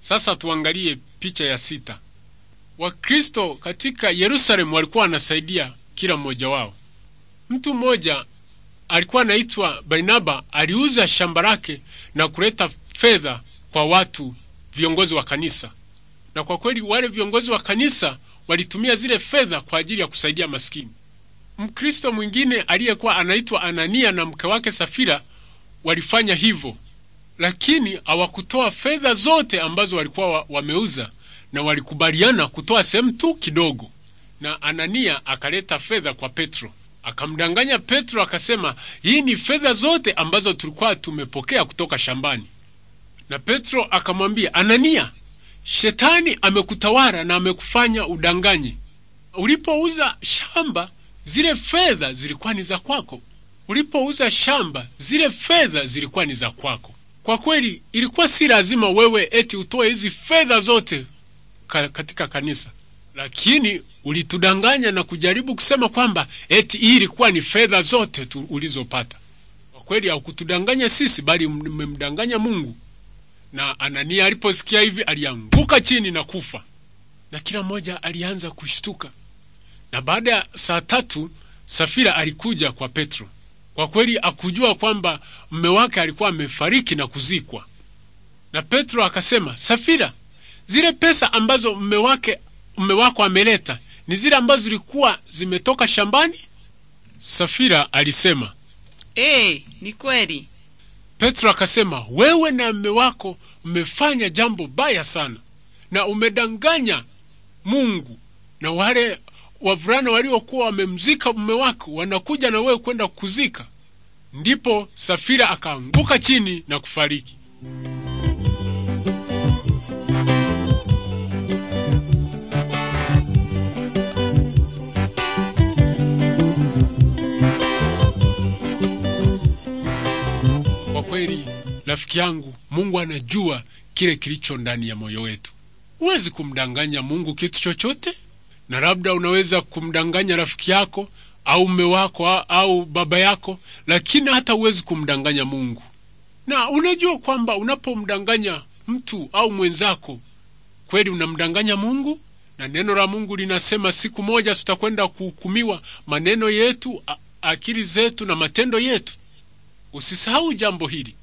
Sasa tuangalie picha ya sita. Wakristo katika Yerusalemu walikuwa wanasaidia kila mmoja wao. Mtu mmoja alikuwa anaitwa Barnaba, aliuza shamba lake na kuleta fedha kwa watu viongozi wa kanisa, na kwa kweli wale viongozi wa kanisa walitumia zile fedha kwa ajili ya kusaidia maskini. Mkristo mwingine aliyekuwa anaitwa Anania na mke wake Safira walifanya hivyo lakini hawakutoa fedha zote ambazo walikuwa wameuza, na walikubaliana kutoa sehemu tu kidogo. Na Anania akaleta fedha kwa Petro, akamdanganya Petro akasema, hii ni fedha zote ambazo tulikuwa tumepokea kutoka shambani. Na Petro akamwambia Anania, shetani amekutawala na amekufanya udanganye. Ulipouza shamba, zile fedha zilikuwa ni za kwako. Ulipouza shamba, zile fedha zilikuwa ni za kwako. Kwa kweli ilikuwa si lazima wewe eti utoe hizi fedha zote katika kanisa, lakini ulitudanganya na kujaribu kusema kwamba eti hii ilikuwa ni fedha zote tu ulizopata. Kwa kweli haukutudanganya sisi, bali mmemdanganya Mungu. Na Anania aliposikia hivi alianguka chini na kufa, na kila mmoja alianza kushtuka. Na baada ya saa tatu Safira alikuja kwa Petro. Kwa kweli akujua kwamba mume wake alikuwa amefariki na kuzikwa. Na Petro akasema, Safira, zile pesa ambazo mume wake mume wako ameleta ni zile ambazo zilikuwa zimetoka shambani? Safira alisema, "Eh, ni kweli." Petro akasema, wewe na mume wako mmefanya jambo baya sana na umedanganya Mungu na wale wavulana waliokuwa wamemzika mume wako wanakuja na wewe kwenda kuzika. Ndipo Safira akaanguka chini na kufariki. Kwa kweli, rafiki yangu, Mungu anajua kile kilicho ndani ya moyo wetu. Huwezi kumdanganya Mungu kitu chochote na labda unaweza kumdanganya rafiki yako au mme wako au baba yako, lakini hata huwezi kumdanganya Mungu. Na unajua kwamba unapomdanganya mtu au mwenzako, kweli unamdanganya Mungu, na neno la Mungu linasema siku moja tutakwenda kuhukumiwa maneno yetu, akili zetu na matendo yetu. Usisahau jambo hili.